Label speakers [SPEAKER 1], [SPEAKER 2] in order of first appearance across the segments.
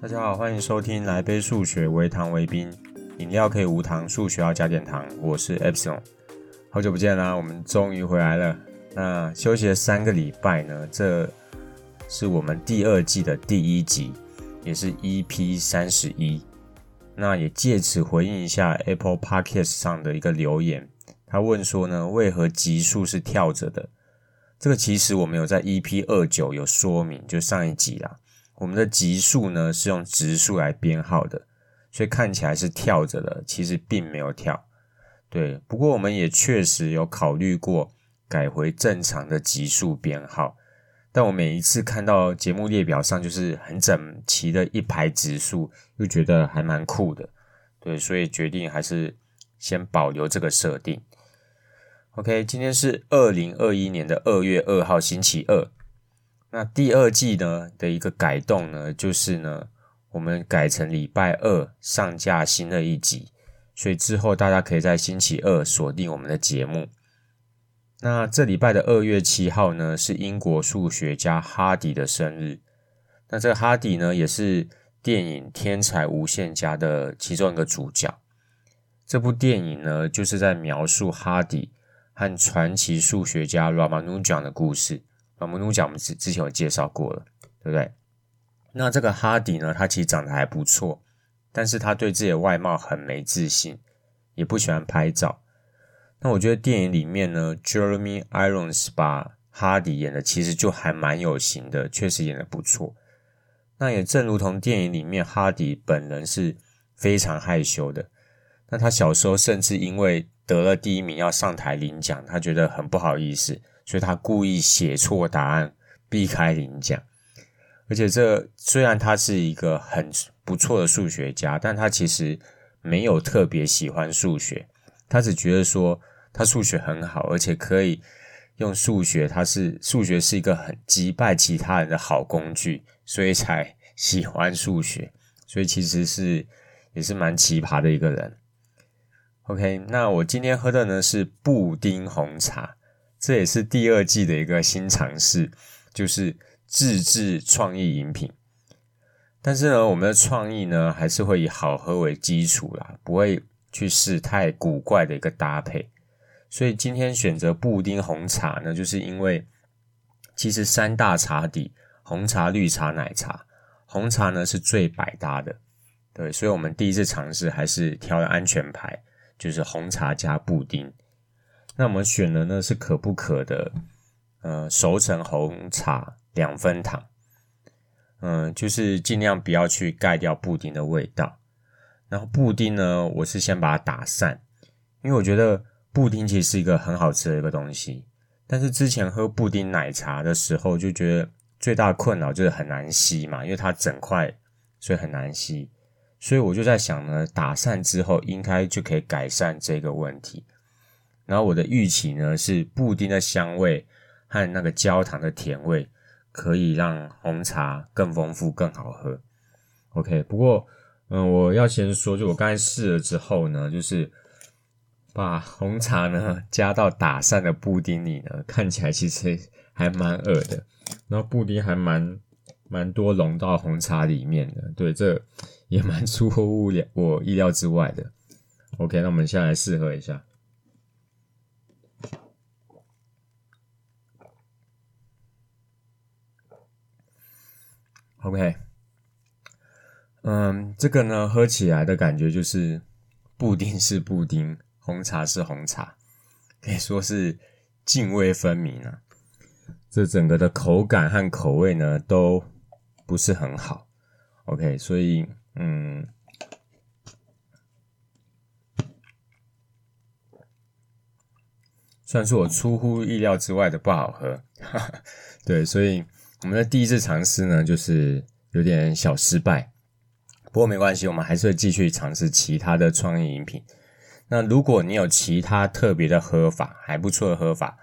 [SPEAKER 1] 大家好，歡迎收聽《來杯數學為糖為冰》，飲料可以無糖，數學要加點糖。我是 Epsilon，好久不見啦，我們終於回來了。那休息了三個禮拜呢，這是我們第二季的第一集，也是 EP 三十一。那也借此回應一下 Apple Podcast 上的一個留言，他問說呢，為何集數是跳着的？這個其實我們有在 EP 二九有說明，就上一集啦。我們的集數呢，是用指數來編號的，所以看起來是跳着的，其實並沒有跳。對，不過我們也確實有考慮過改回正常的集數編號，但我每一次看到節目列表上就是很整齊的一排指數，又覺得還蠻酷的，對，所以決定還是先保留這個設定。OK，今天是二零二一年的二月二號星期二。那第二季呢的一個改動呢，就是呢，我們改成禮拜二上架新的一集，所以之後大家可以在星期二鎖定我們的節目。那這禮拜的二月七號呢，是英國數學家哈迪的生日。那這個哈迪呢，也是電影《天才無限家》的其中一個主角。這部電影呢，就是在描述哈迪和傳奇數學家拉馬努金的故事。啊，拉馬努金，我們之、之前有介紹過了，對不對？那這個哈迪呢，他其實長得還不錯，但是他對自己的外貌很沒自信，也不喜歡拍照。那我覺得電影裡面呢，Jeremy Irons 把哈迪演的其實就還蠻有型的，確實演得不錯。那也正如同電影裡面哈迪本人是非常害羞的。那他小時候甚至因為得了第一名要上台領獎，他覺得很不好意思。所以他故意寫錯答案，避開領獎。而且、這個，這雖然他是一個很不錯的數學家，但他其實沒有特別喜歡數學。他只覺得說他數學很好，而且可以用數學，他是數學是一個很擊敗其他人的好工具，所以才喜歡數學。所以，其實是也是蠻奇葩的一個人。OK，那我今天喝的呢，是布丁紅茶。這也是第二季的一個新嘗試，就是自制創意飲品。但是呢，我們的創意呢，還是會以好喝為基礎啦，不會去試太古怪的一個搭配。所以今天選擇布丁紅茶呢，就是因為其實三大茶底——紅茶、綠茶、奶茶，紅茶呢是最百搭的。對，所以我們第一次嘗試還是挑了安全牌，就是紅茶加布丁。那我們選的呢是可不可的，呃，熟成紅茶兩分糖，嗯、呃，就是盡量不要去蓋掉布丁的味道。然後布丁呢，我是先把它打散，因為我覺得布丁其實是一個很好吃的一個東西。但是之前喝布丁奶茶的時候，就覺得最大困擾就是很難吸嘛，因為它整塊，所以很難吸。所以我就在想呢，打散之後應該就可以改善這個問題。然後我的預期呢，是布丁的香味和那個焦糖的甜味可以讓紅茶更豐富，更好喝。OK，不過嗯，我要先說，就我剛才試了之後呢，就是把紅茶呢加到打散的布丁裡呢，看起來其實還蠻惡的。然後布丁還蠻蠻多融到紅茶裡面的，對，這也蠻出乎我我意料之外的。OK，那我們先來試喝一下。OK，嗯，這個呢，喝起來的感覺就是布丁是布丁，紅茶是紅茶，可以說是涇渭分明啊。這整個的口感和口味呢，都不是很好。OK，所以，嗯，算是我出乎意料之外的不好喝。哈哈，對，所以。我們的第一次嘗試呢，就是有點小失敗，不過沒關係，我們還是會繼續嘗試其他的創意飲品。那如果你有其他特別的喝法，還不錯的喝法，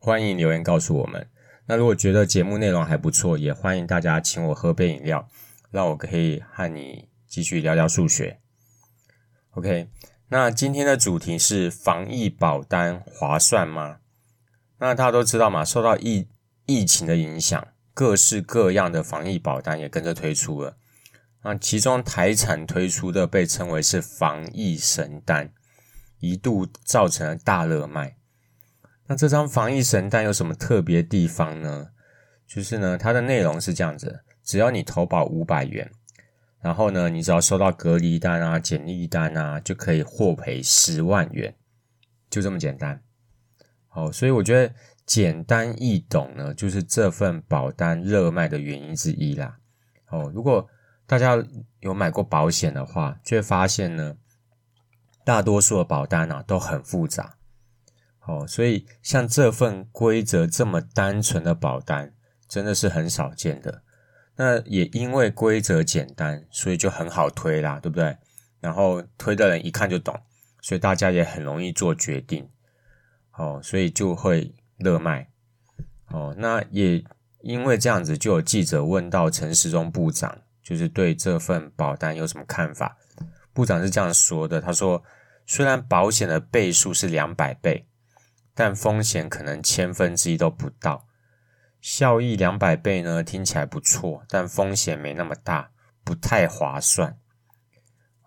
[SPEAKER 1] 歡迎留言告訴我們。那如果覺得節目內容還不錯，也歡迎大家請我喝杯飲料，讓我可以和你繼續聊聊數學。OK，那今天的主題是防疫保單划算嗎？那大家都知道嘛，受到疫疫情的影響。各式各樣的防疫保單也跟着推出了，那其中台產推出的被稱為是防疫神單，一度造成了大熱賣。那這張防疫神單有什麼特別地方呢？就是呢，它的內容是這樣子：只要你投保五百元，然後呢，你只要收到隔離單啊、檢疫單啊，就可以獲賠十萬元，就這麼簡單。好，所以我覺得。簡單易懂呢，就是這份保單熱賣的原因之一啦。哦，如果大家有買過保險的話，就會發現呢，大多數的保單啊都很複雜。哦，所以像這份規則這麼單純的保單，真的是很少見的。那也因為規則簡單，所以就很好推啦，對不對？然後推的人一看就懂，所以大家也很容易做決定。哦，所以就會。熱賣哦，那也因為這樣子，就有記者問到陳時中部長，就是對這份保單有什麼看法？部長是這樣說的：他說，雖然保險的倍數是兩百倍，但風險可能千分之一都不到。效益兩百倍呢，聽起來不錯，但風險沒那麼大，不太划算。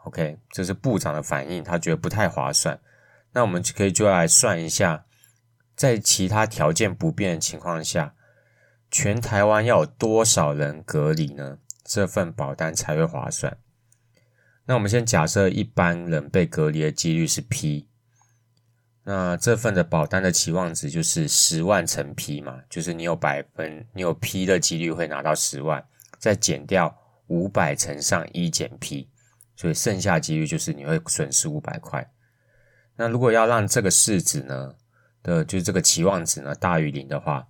[SPEAKER 1] OK，這是部長的反應，他覺得不太划算。那我們就可以就來算一下。在其他條件不變的情況下，全台灣要有多少人隔離呢？這份保單才會划算。那我們先假設一般人被隔離的幾率是 p，那這份的保單的期望值就是十萬乘 p 嘛，就是你有百分你有 p 的幾率會拿到十萬，再減掉五百乘上一減 p，所以剩下幾率就是你會損失五百塊。那如果要讓這個式子呢的，就是這個期望值呢大於零的話，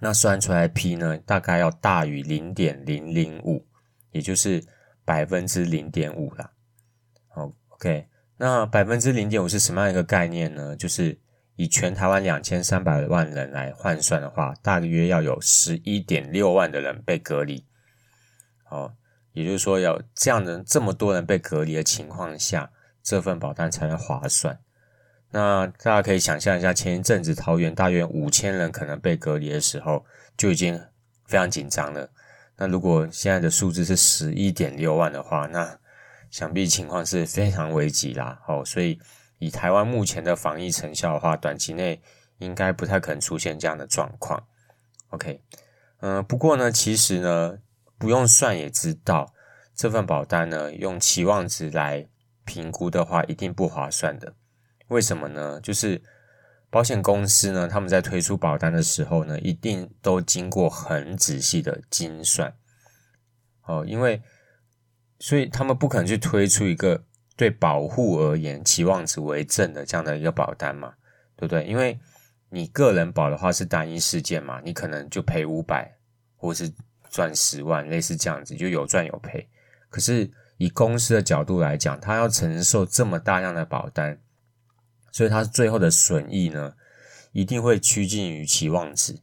[SPEAKER 1] 那算出來 p 呢大概要大於零點零零五，也就是百分之零點五啦。OK，那百分之零點五是什麼樣一個概念呢？就是以全台灣兩千三百萬人來換算的話，大約要有十一點六萬的人被隔離。哦，也就是說，要這樣的這麼多人被隔離的情況下，這份保單才能划算。那大家可以想象一下，前一陣子桃園大約五千人可能被隔離的時候，就已經非常緊張了。那如果現在的數字是十一點六萬的話，那想必情況是非常危急啦。哦，所以以台灣目前的防疫成效的話，短期內應該不太可能出現這樣的狀況。OK，嗯，不過呢，其實呢，不用算也知道，這份保單呢，用期望值來評估的話，一定不划算的。為什麼呢？就是保險公司呢，他們在推出保單的時候呢，一定都經過很仔細的精算，哦，因為所以他們不可能去推出一個對保戶而言期望值為正的這樣的一個保單嘛，對不對？因為你個人保的話是單一事件嘛，你可能就賠五百或者是賺十萬，類似這樣子，就有賺有賠。可是以公司的角度來講，他要承受這麼大量的保單。所以它最後的損益呢，一定會趨近於期望值，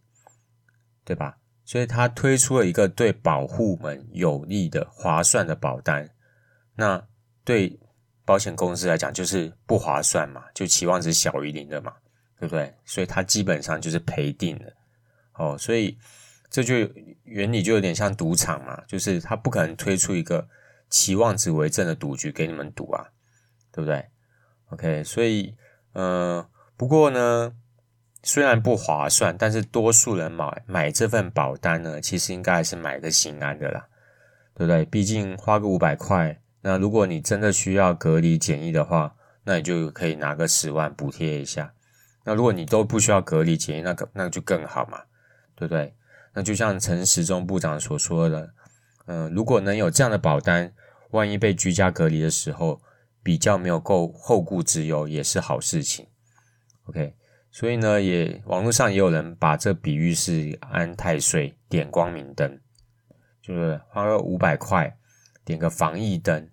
[SPEAKER 1] 對吧？所以它推出了一個對保戶們有利的划算的保單，那對保險公司來講就是不划算嘛，就期望值小於零的嘛，對不對？所以它基本上就是賠定了。哦，所以這就原理就有點像賭場嘛，就是他不可能推出一個期望值為正的賭局給你們賭啊，對不對？OK，所以。嗯，不過呢，雖然不划算，但是多數人買買這份保單呢，其實應該還是買個心安的啦，對不對？畢竟花個五百塊，那如果你真的需要隔離檢疫的話，那你就可以拿個十萬補貼一下。那如果你都不需要隔離檢疫，那個那就更好嘛，對不對？那就像陳時中部長所說的，嗯，如果能有這樣的保單，萬一被居家隔離的時候，比較沒有夠後顧之憂也是好事情，OK，所以呢，也網絡上也有人把這比喻是安太歲點光明燈，就是花個五百塊點個防疫燈，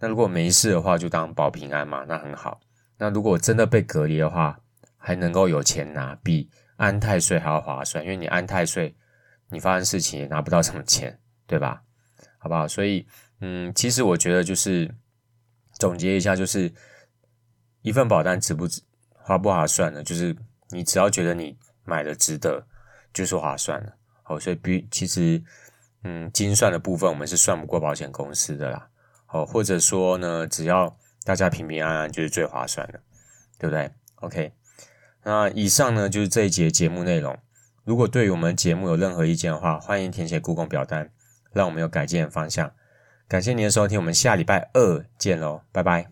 [SPEAKER 1] 那如果沒事的話就當保平安嘛，那很好。那如果真的被隔離的話，還能夠有錢拿，比安太歲還要划算，因為你安太歲你發生事情也拿不到什麼錢，對吧？好不好？所以，嗯，其實我覺得就是。總結一下，就是一份保單值不值、划不划算呢？就是你只要覺得你買的值得，就是划算的。好，所以比其實，嗯，精算的部分我們是算不過保險公司的啦。好，或者說呢，只要大家平平安安，就是最划算的，對不對？OK，那以上呢就是這一節節目內容。如果對於我們節目有任何意見的話，歡迎填寫 Google 表單，讓我們有改進的方向。感謝您的收聽，我們下禮拜二見嘍，拜拜。